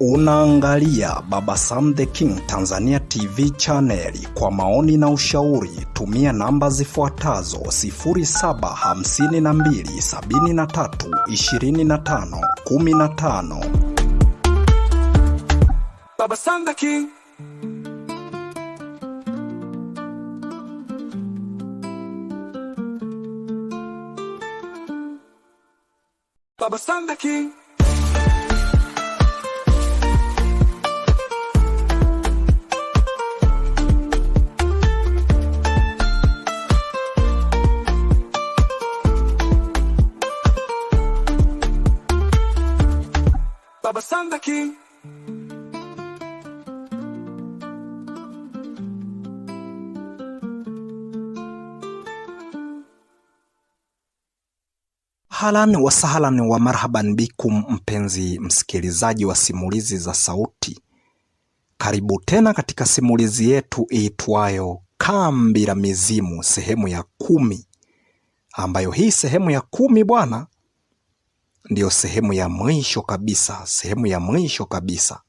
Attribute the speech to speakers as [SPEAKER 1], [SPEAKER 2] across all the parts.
[SPEAKER 1] Unaangalia Baba Sam the King Tanzania TV channel. Kwa maoni na ushauri tumia namba zifuatazo: 0752732515, Baba Baba Sam the King.
[SPEAKER 2] king Halan sahalan wa marhaban bikum, mpenzi msikilizaji wa simulizi za sauti, karibu tena katika simulizi yetu iitwayo Kambi la Mizimu sehemu ya kumi, ambayo hii sehemu ya kumi bwana ndiyo sehemu ya mwisho kabisa, sehemu ya mwisho kabisa.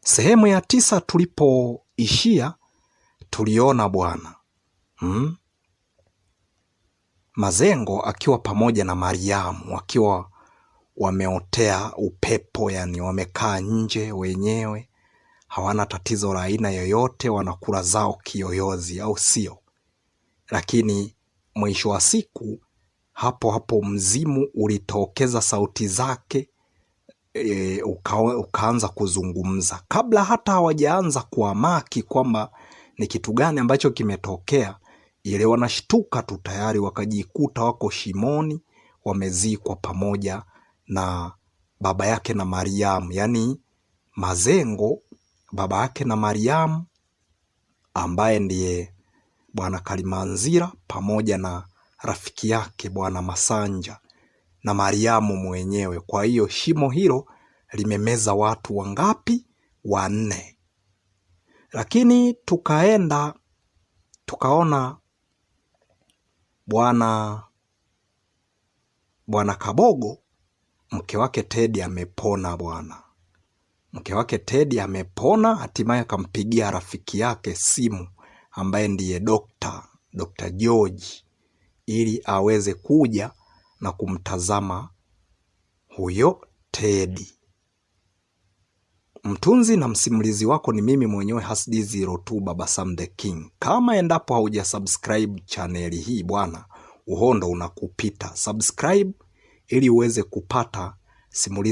[SPEAKER 2] Sehemu ya tisa tulipoishia tuliona Bwana hmm? Mazengo akiwa pamoja na Mariamu wakiwa wameotea upepo, yani wamekaa nje wenyewe, hawana tatizo la aina yoyote, wanakula zao kiyoyozi, au sio? Lakini mwisho wa siku hapo hapo mzimu ulitokeza sauti zake e, uka, ukaanza kuzungumza. Kabla hata hawajaanza kuamaki kwamba ni kitu gani ambacho kimetokea, ile wanashtuka tu tayari wakajikuta wako shimoni, wamezikwa pamoja na baba yake na Mariamu, yaani Mazengo baba yake na Mariamu ambaye ndiye Bwana Kalimanzira pamoja na rafiki yake Bwana Masanja na Mariamu mwenyewe. Kwa hiyo shimo hilo limemeza watu wangapi? Wanne. Lakini tukaenda tukaona bwana bwana Kabogo, mke wake Tedi amepona bwana, mke wake Tedi amepona. Hatimaye akampigia rafiki yake simu ambaye ndiye dokta dokta George ili aweze kuja na kumtazama huyo Tedi. Mtunzi na msimulizi wako ni mimi mwenyewe Hasd02 Baba Sam the King. Kama endapo hauja subscribe chaneli hii bwana, uhondo unakupita. Subscribe ili uweze kupata simulizi